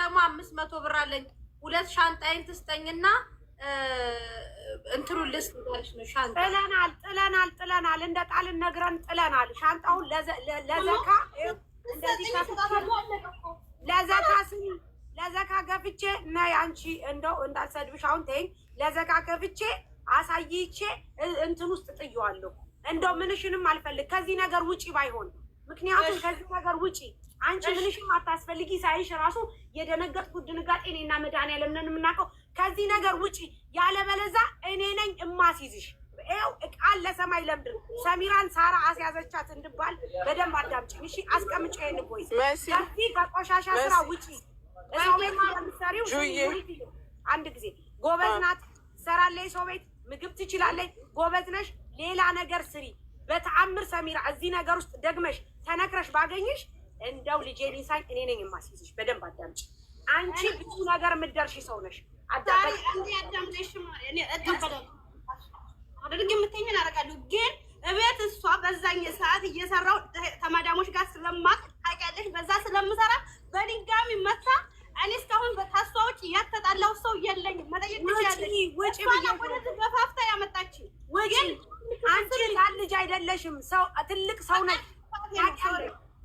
ደግሞ አምስት መቶ ብር አለኝ ሁለት ሻንጣይን ትስጠኝና እንትኑ ልስ ጥለናል ጥለናል ጥለናል እንደ ጣልን ነግረን ጥለናል። ሻንጣውን ለዘካ ለዘካ ስሚ ለዘካ ገፍቼ ነይ አንቺ እንደው እንዳልሰድብሽ አሁን ተይኝ። ለዘካ ገፍቼ አሳይቼ እንትን ውስጥ ጥየዋለሁ። እንደው ምንሽንም አልፈልግ ከዚህ ነገር ውጪ ባይሆን ምክንያቱም ከዚህ ነገር ውጪ አንቺ ምንሽም አታስፈልጊ። ሳይሽ ራሱ የደነገጥኩት ድንጋጤ እኔና መድኃኒዓለም ነን የምናውቀው። ከዚህ ነገር ውጪ ያለበለዛ እኔ ነኝ እማስይዝሽ። ይኸው እቃን ለሰማይ ለምድር ሰሚራን ሳራ አስያዘቻት እንድባል በደንብ አዳምጪኝ እሺ። አስቀምጬ ቦይስ ከዚህ ከቆሻሻ ስራ ውጪ ሰውቤት ለምሰሪው አንድ ጊዜ ጎበዝ ናት፣ ትሰራለች። ሰው ቤት ምግብ ትችላለይ። ጎበዝ ነሽ። ሌላ ነገር ስሪ በተአምር ሰሚራ እዚህ ነገር ውስጥ ደግመሽ ተነክረሽ ባገኝሽ እንደው ልጄ ሊሳኝ እኔ ነኝ የማስይዝሽ። በደንብ አዳምጪ። አንቺ ብዙ ነገር የምትደርሺ ሰው ነሽ። አድርግ የምትይኝን አደርጋለሁ። ግን እቤት እሷ በዛኝ ሰዓት እየሰራው ተማዳሞች ጋር ስለማቅ ታውቂያለሽ፣ በዛ ስለምሰራ በድጋሚ መታ እኔ እስካሁን ከእሷ ውጭ ያተጣላሁ ሰው የለኝም። መጠየቅ ውጭ ትችላለሽ። አይደለሽም። ሰው ትልቅ ሰው ነሽ።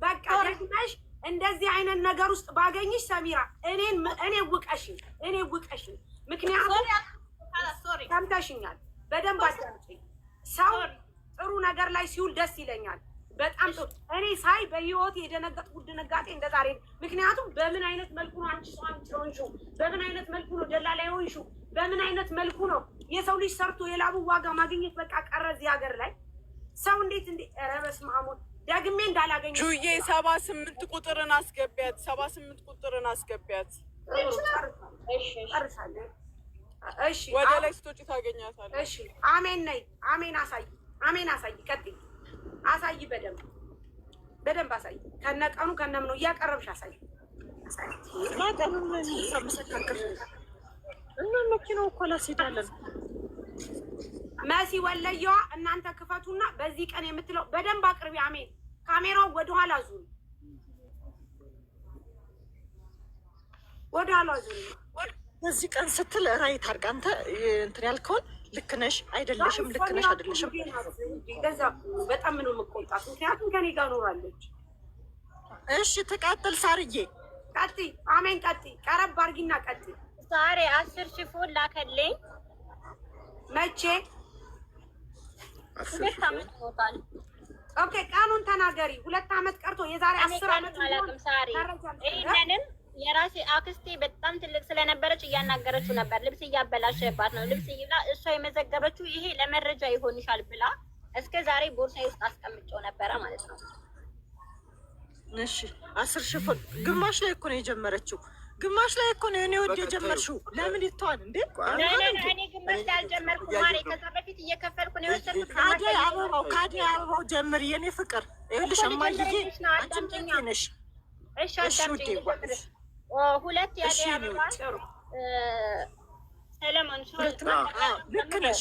በቃ ደግመሽ እንደዚህ አይነት ነገር ውስጥ ባገኝሽ ሰሚራ፣ እኔን እኔ ውቀሽ እኔ ውቀሽ። ምክንያቱም ሰምተሽኛል በደንብ አዳምጪኝ። ሰው ጥሩ ነገር ላይ ሲውል ደስ ይለኛል። በጣም ጥሩ እኔ ሳይ በህይወት የደነገጥኩት ድንጋጤ እንደ ዛሬ። ምክንያቱም በምን አይነት መልኩ ነው አንቺ ሰው አምጪ ሆንሽው? በምን አይነት መልኩ ነው ደላላ ሆንሹ? በምን አይነት መልኩ ነው የሰው ልጅ ሰርቶ የላቡ ዋጋ ማግኘት በቃ ቀረ እዚህ ሀገር ላይ ሰው እንዴት እንዴ! ረበስ በስመ ዳግሜ እንዳላገኘ ሰባ ስምንት ቁጥርን አስገቢያት። ሰባ ስምንት ቁጥርን አስገቢያት። ወደ ላይ ስትወጪ ታገኛታለሽ። አሜን ነይ፣ አሜን አሳይ፣ አሜን አሳይ፣ ቀጥይ፣ አሳይ፣ በደንብ በደንብ አሳይ። ከነቀኑ ከነም ነው እያቀረብሽ አሳይ። እና መኪናው እኮ ላስሄዳለን መሲ ወለየዋ እናንተ ክፈቱና በዚህ ቀን የምትለው በደንብ አቅርቢ። አሜን። ካሜራው ወደኋላ ዙሪ፣ ወደኋላ ዙሪ። በዚህ ቀን ስትል ራይ ታርግ አንተ እንትን ያልከውን ልክ ነሽ አይደለሽም፣ ልክ ነሽ አይደለሽም። ገዛ በጣም ነው የምቆጣት፣ ምክንያቱም ከኔ ጋር ኖራለች። እሺ ተቃጥል ሳርዬ፣ ቀጥይ። አሜን፣ ቀጥይ። ቀረብ አርጊና ቀጥይ። ሳሬ አስር ሺህ ላከልኝ መቼ ሁለት ዓመት ኦኬ ቀኑን ተናገሪ። ሁለት ዓመት ቀርቶ የዛሬ አስር ዓመት አላውቅም። ሳሪ ይሄንንም የራሴ አክስቴ በጣም ትልቅ ስለነበረች እያናገረችው ነበር። ልብስ እያበላሸባት ነው፣ ልብስ ይብላ። እሷ የመዘገበችው ይሄ ለመረጃ ይሆንሻል ብላ እስከ ዛሬ ቦርሳ ውስጥ አስቀምጨው ነበረ ማለት ነው። እሺ አስር ሺህ ግማሽ ላይ እኮ ነው የጀመረችው ግማሽ ላይ እኮ ነው የኔ ወድ የጀመርሽው። ለምን ይተዋል እንዴ? እኔ ግማሽ ላይ አልጀመርኩም ማሬ። ከዛ በፊት እየከፈልኩ ነው የወሰድኩት። ከአደይ አበባው ከአደይ አበባው ጀምር የኔ ፍቅር። ይኸውልሽ እማዬ አንቺም ጥንቄ ነሽ። እሺ ውዴ፣ ሁለት የአደይ አበባ ሰለሞን፣ ልክ ነሽ።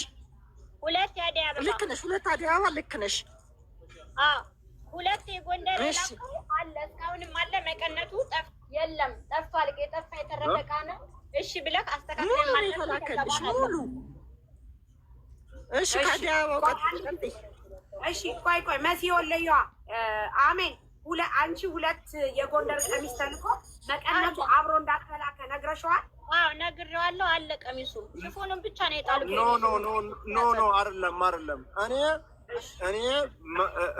ሁለት የአደይ አበባ ልክ ነሽ። ሁለት አደይ አበባ ልክ ነሽ። ሁለት የጎንደር ላኩ አለ፣ እስካሁንም አለ መቀነቱ ጠፍ የለም ጠፋ ልቅ የጠፋ የተረፈቃ ነው። እሺ ብለህ አስተካክለን ሙሉ እሺ። ከዲያ እሺ። ቆይ ቆይ መሲ ወለየዋ አሜን። ሁለ አንቺ ሁለት የጎንደር ቀሚስ ተልኮ መቀነቱ አብሮ እንዳትላከ ነግረሽዋል? አዎ ነግሬዋለሁ። አለ ቀሚሱ ሽፎኑን ብቻ ነው የጣልኩት። ኖ ኖ ኖ ኖ ኖ አይደለም አይደለም እኔ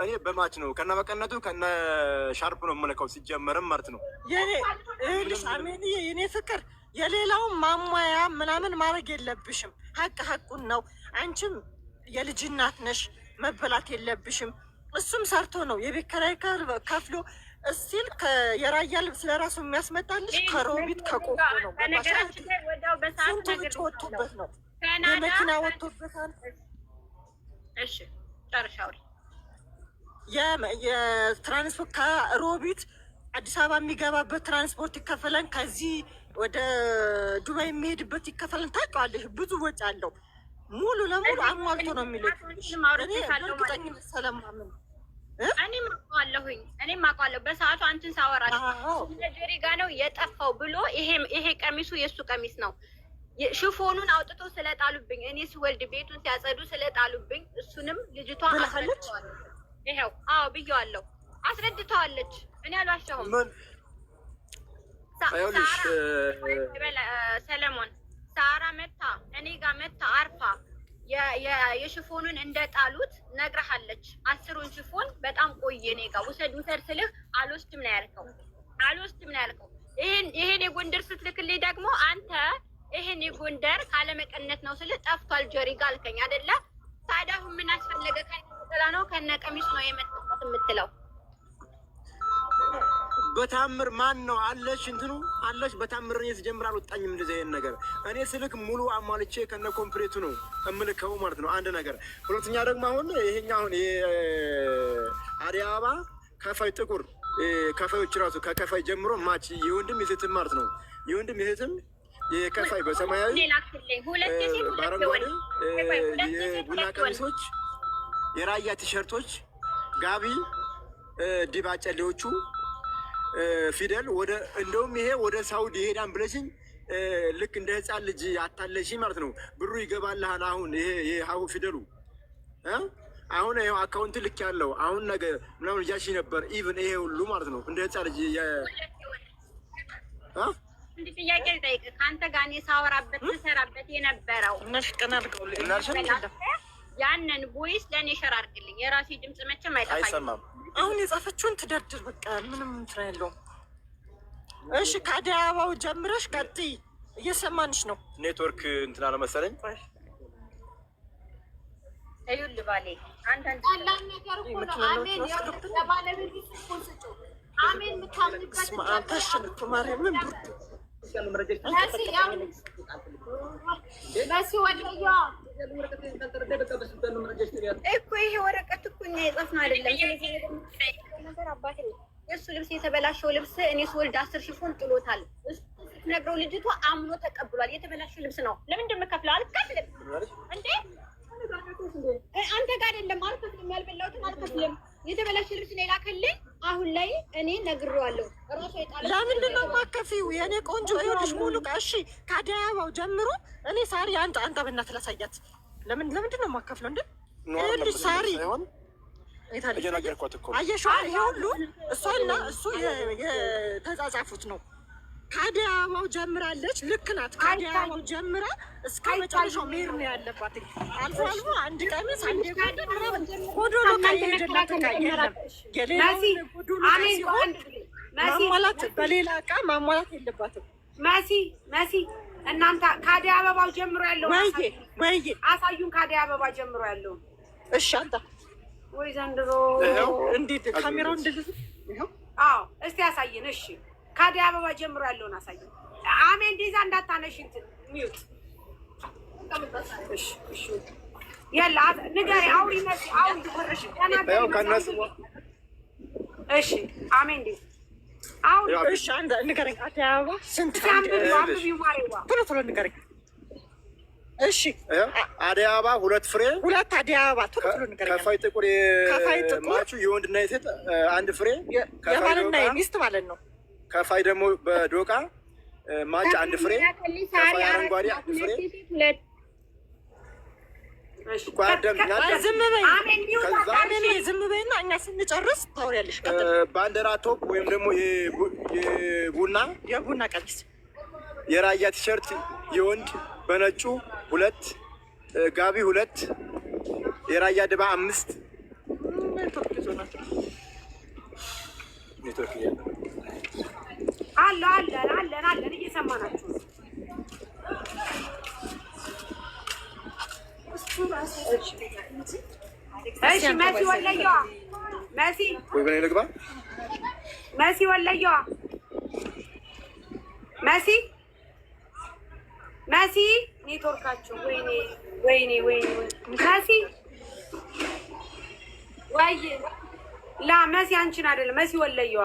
እኔ በማች ነው ከነ መቀነቱ ከነ ሻርፕ ነው የምለካው ሲጀመርም ማለት ነው። የኔ ፍቅር የሌላውን ማሟያ ምናምን ማድረግ የለብሽም። ሀቅ ሀቁን ነው። አንቺም የልጅ እናት ነሽ፣ መበላት የለብሽም። እሱም ሰርቶ ነው የቤት ኪራይ ከፍሎ እስቲል የራያ ልብስ ለራሱ የሚያስመጣልሽ ከሮቢት ከቆቦ ነው። ስንት ውጭ ወጥቶበት ነው የመኪና ወጥቶበታል። ጨርሻ አውሪ። የትራንስፖርት ከሮቢት አዲስ አበባ የሚገባበት ትራንስፖርት ይከፈለን፣ ከዚህ ወደ ዱባይ የሚሄድበት ይከፈለን። ታውቂዋለሽ፣ ብዙ ወጪ አለው። ሙሉ ለሙሉ አሟልቶ ነው የሚለው ሰለማምን እኔም አውቀዋለሁኝ እኔም አውቀዋለሁ። በሰዓቱ አንቺን ሳወራሽ ጀሪ ነው የጠፋው ብሎ ይሄ ቀሚሱ የእሱ ቀሚስ ነው ሽፎኑን አውጥቶ ስለጣሉብኝ እኔ ስወልድ ቤቱን ሲያጸዱ ስለጣሉብኝ እሱንም ልጅቷ አስረድተዋለች። ይኸው አዎ ብየዋለሁ። አስረድተዋለች። እኔ አልዋሻሁም። ሰለሞን ሳራ መታ እኔ ጋር መታ አርፋ የሽፎኑን እንደጣሉት ነግረሃለች። አስሩን ሽፎን በጣም ቆየ እኔ ጋር ውሰድ ውሰድ ስልህ አልወስድም ነው ያልከው። አልወስድም ነው ያልከው። ይህን ይህን የጎንደር ስትልክልኝ ደግሞ አንተ ይሄን የጎንደር ካለመቀነት ነው ስል ጠፍቷል። ጆሪ ጋር አልከኝ አደለ? ታዲያ አሁን ምን አስፈለገ? ከነጠላ ነው ከነ ቀሚስ ነው የመጣት የምትለው? በታምር ማን ነው አለሽ? እንትኑ አለሽ? በታምር እኔ ስጀምር አልወጣኝም እንደዚህ ይሄን ነገር እኔ ስልክ ሙሉ አሟልቼ ከነ ኮምፕሌቱ ነው እምልከው ማለት ነው። አንድ ነገር። ሁለተኛ ደግሞ አሁን ይሄኛ አሁን አዲስ አበባ ከፋይ ጥቁር ከፋዮች ራሱ ከከፋይ ጀምሮ ማች የወንድም የሴትም ማለት ነው የወንድም የሴትም የከፋይ በሰማያዊ በአረንጓዴ የቡና ቀሚሶች፣ የራያ ቲሸርቶች፣ ጋቢ ዲባጨሌዎቹ ፊደል ወደ እንደውም ይሄ ወደ ሳውዲ ይሄዳን ብለሽኝ ልክ እንደ ህፃን ልጅ አታለሽኝ ማለት ነው። ብሩ ይገባልሃል አሁን ይሄ ሀሁ ፊደሉ አሁን ይኸው አካውንት ልክ ያለው አሁን ነገ ምናምን እያልሽኝ ነበር። ኢቭን ይሄ ሁሉ ማለት ነው እንደ ህፃን ልጅ አንድ ጥያቄ ልጠይቅ። ከአንተ ጋር እኔ ሳወራበት ስሰራበት የነበረው ያንን ቦይስ ለእኔ ሸር አድርግልኝ። የራሴ ድምፅ መቼም አይጠፋኝም። አሁን የጻፈችውን ትደርድር። በቃ ምንም እንትን ያለውም። እሺ ከአደይ አበባው ጀምረሽ ቀጥይ። እየሰማንሽ ነው። ኔትወርክ እንትን አለመሰለኝ። ይኸውልህ ባሌ አንዳንድ ነገር እኮ ነው። አሜን ለባለቤት ስጡ አሜን የምታምንበት ይሄ ወረቀት እኮ እኛ የጻፍነው አይደለም። የእሱ ልብስ የተበላሸው ልብስ እኔ ስወልድ አስር ሽፎን ጥሎታል። እሱ ልጅቷ አምኖ ተቀብሏል። የተበላሸው ልብስ ነው። ለምንድን የምከፍለው? አልከፍልም እንዴ አንተ ጋር አይደለም። አልከፍልም። ያልበላሁትን አልከፍልም። የተበላሸ ልብስ ነው የላከልኝ አሁን ላይ እኔ ነግሬዋለሁ። ለምንድን ነው የማከፊው? የእኔ ቆንጆ ይኸውልሽ፣ ሙሉ እሺ፣ ከአደባባው ጀምሮ እኔ ሳሪ አንተ አንተ በእናት ላሳያት። ለምን ለምንድን ነው የማከፍለው? እንደ ይኸውልሽ ሳሪ አየሽው፣ ይሄ ሁሉ እሷና እሱ የተጻጻፉት ነው ከአደይ ጀምራለች። ልክ ናት። ከአደይ ጀምራ እስከ መጨረሻው ሜር ነው ያለባት። አልፎ አልፎ አንድ ቀሚስ አንድ ባንድ ምናምን ጎዶሎ ካልሄደላት የለም። የሌላውን ጎዶሎ ሲሆን ማሟላት በሌላ እቃ ማሟላት የለባትም። መሲ መሲ እናንተ ከአደይ አበባው ጀምሮ ወይ ወይ አሳዩን። ከአደይ አበባ ጀምሮ ያለው እሺ። አንተ ወይ ዘንድሮ እንዴት ካሜራው እንደዚህ አዎ፣ እስቲ አሳየን። እሺ ከአዲስ አበባ ጀምሮ ያለውን አሳየ። አሜ እንዲዛ እንዳታነሽ እንትን ሚውት ያለ ንገሪ አውሪ መሲ አውሪ ተረሽ እሺ አሜ እንዲ አሁን እሺ አንድ ንገረኝ። አዲስ አበባ ስንት ቶሎ ቶሎ ንገረኝ። እሺ አዲስ አበባ ሁለት ፍሬ ሁለት አዲስ አበባ ቶሎ ቶሎ ንገረኝ። ከፋይ ጥቁር ከፋይ ጥቁር የወንድና የሴት አንድ ፍሬ የባልና የሚስት ማለት ነው። ከፋይ ደግሞ በዶቃ ማጭ አንድ ፍሬ፣ ከፋይ አረንጓዴ አንድ ፍሬ። ስንጨርስ ባንዲራ ቶፕ ወይም ደግሞ የቡና የቡና ቀሚስ፣ የራያ ቲሸርት የወንድ በነጩ ሁለት ጋቢ ሁለት የራያ ድባ አምስት አለ አለን አለን አለን እየሰማናችሁ እሺ መሲ ወለየዋ መሲ መሲ ወለየዋ መሲ መሲ ኔትወርካቸው ወይኔ ወይኔ ወይኔ መሲ ወይ ላ መሲ አንቺን አይደለም መሲ ወለየዋ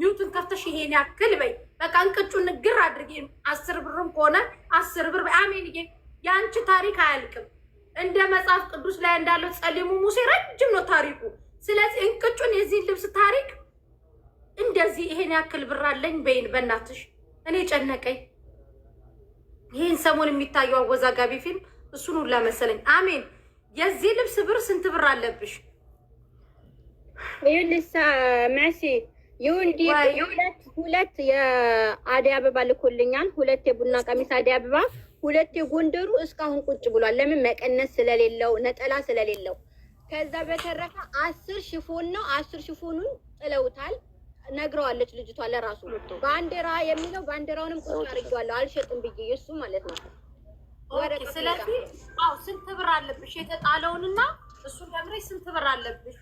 ሚውትን ከፍተሽ ይሄን ያክል በይ። በቃ እንቅጩን ንግር አድርጌ አስር ብርም ከሆነ አስር ብር በይ። አሜንዬ የአንቺ ታሪክ አያልቅም። እንደ መጽሐፍ ቅዱስ ላይ እንዳለው ጸሊሙ ሙሴ ረጅም ነው ታሪኩ። ስለዚህ እንቅጩን የዚህ ልብስ ታሪክ እንደዚህ ይሄን ያክል ብር አለኝ በይን በእናትሽ። እኔ ጨነቀኝ። ይህን ሰሞን የሚታየው አወዛጋቢ ፊልም እሱን ሁላ መሰለኝ። አሜን የዚህ ልብስ ብር ስንት ብር አለብሽ? ይህ ልሳ መሲ ይሁንዲ ሁለት ሁለት የአደይ አበባ ልኮልኛል። ሁለት የቡና ቀሚስ አደይ አበባ፣ ሁለት የጎንደሩ እስካሁን ቁጭ ብሏል። ለምን መቀነስ ስለሌለው ነጠላ ስለሌለው። ከዛ በተረፈ አስር ሽፎን ነው። አስር ሽፎኑን ጥለውታል። ነግረዋለች ልጅቷ ለራሱ ባንዲራ የሚለው ባንዲራውንም ቁጭ አድርጌዋለሁ አልሸጥም ብዬ እሱ ማለት ነው። ስለዚህ ስንት ብር አለብሽ የተጣለውንና እሱን ለምሬ ስንት ብር አለብሽ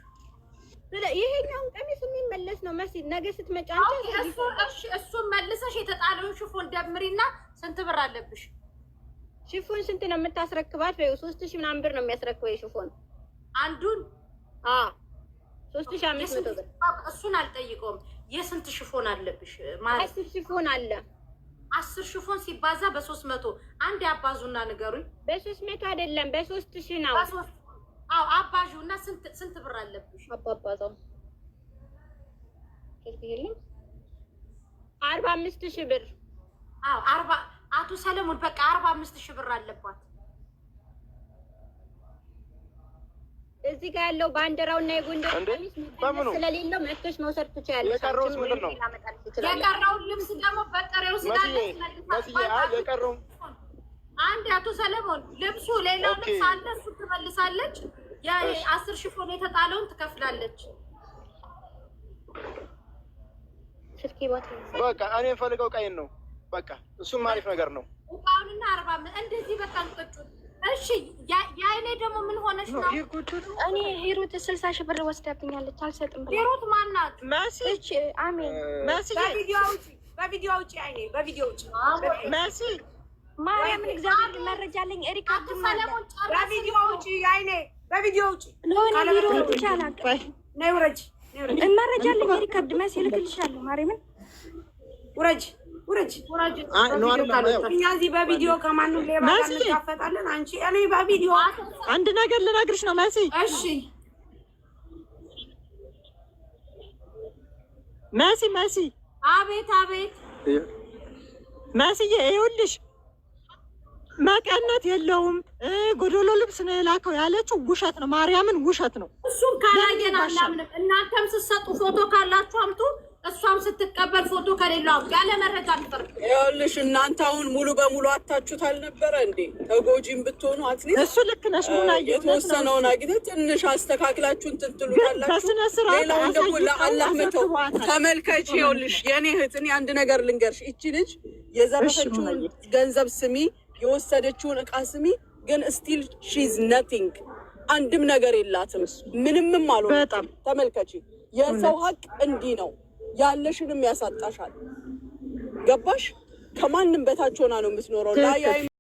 ይሄኛውን ቀሚስ የሚመለስ ነው መሲ። ነገ ስትመጪ እሱን መልሰሽ የተጣለውን ሽፎን ደምሪና ስንት ብር አለብሽ? ሽፎን ስንት ነው የምታስረክባት? በይው ሶስት ሺህ ምናምን ብር ነው የሚያስረክበው የሽፎን አንዱን። ሶስት ሺህ አምስት መቶ ብር እሱን አልጠይቀውም። የስንት ሽፎን አለብሽ ማለት? አስር ሽፎን አለ። አስር ሽፎን ሲባዛ በሶስት መቶ አንድ ያባዙና ንገሩኝ። በሶስት መቶ አይደለም በሶስት ሺህ ነው አዎ አባዡ እና ስንት ስንት ብር አለብሽ? አባባዛው የለም አርባ አምስት ሺህ ብር አዎ አርባ አቶ ሰለሞን በቃ አርባ አምስት ሺህ ብር አለባት። እዚህ ጋር ያለው ባንዲራው እና የጎንደር ቀሚስ ስለሌለው መጥተሽ መውሰድ ትችያለሽ። የቀረውስ ምንድን ነው? የቀረውን ልብስ ደግሞ በጥሬው ስላለ አንድ አቶ ሰለሞን ልብሱ ሌላ ልብስ አለ እሱ ትመልሳለች። ያ አስር ሺህ የተጣለውን ትከፍላለች። በቃ እኔ የምፈልገው ቀይን ነው። በቃ እሱም አሪፍ ነገር ነው። እቃውንና አርባ እንደዚህ በቃ እንቅጩን። እሺ የአይኔ ደግሞ ምን ሆነች ነው? እኔ ሂሩት ስልሳ ሺህ ብር ወስዳብኛለች አልሰጥም ሂሩት ማናት? መሲ አሜን። በቪዲዮ ውጭ፣ በቪዲዮ ውጭ፣ አይኔ በቪዲዮ ውጭ መሲ ማርያምን እግዚአብሔር መረጃ አለኝ። ኤሪካ ሰለሞን በቪዲዮ ውጭ አይኔ በቪዲዮ ውጪ መረጃለኝ ሪከርድ መስ ይልክልሻለሁ። ማርያምን ውረጅ ውረጅ። እኛ እዚህ በቪዲዮ ከማንም ሌባ እንጋፈጣለን። አንቺ እኔ በቪዲዮ አንድ ነገር ልነግርሽ ነው መሲ። እሺ መሲ መሲ፣ አቤት አቤት፣ መስዬ ይኸውልሽ መቀነት የለውም ጎዶሎ ልብስ ነው የላከው ያለችው ውሸት ነው። ማርያምን ውሸት ነው። እሱም ካላየን አላምንም። እናንተም ስትሰጡ ፎቶ ካላችሁ አምጡ። እሷም ስትቀበል ፎቶ ከሌለው ያለ መረጃ ነበር። ይኸውልሽ እናንተ አሁን ሙሉ በሙሉ አታችሁት አልነበረ እንዴ? ተጎጂም ብትሆኑ አትሊስት እሱ ልክ ነሽ ሙናየ የተወሰነውን አግኝተህ ትንሽ አስተካክላችሁን ትንትሉ ላላችሁ፣ ሌላውን ደግሞ ለአላህ መተው። ተመልከች፣ ይኸውልሽ የኔ እህት፣ እኔ አንድ ነገር ልንገርሽ። ይቺ ልጅ የዘረፈችውን ገንዘብ ስሚ የወሰደችውን እቃ ስሚ፣ ግን ስቲል ሺዝ ነቲንግ አንድም ነገር የላትም። ምንምም በጣም ተመልከች፣ የሰው ሀቅ እንዲህ ነው። ያለሽንም ያሳጣሻል። ገባሽ? ከማንም በታች ሆና ነው የምትኖረው።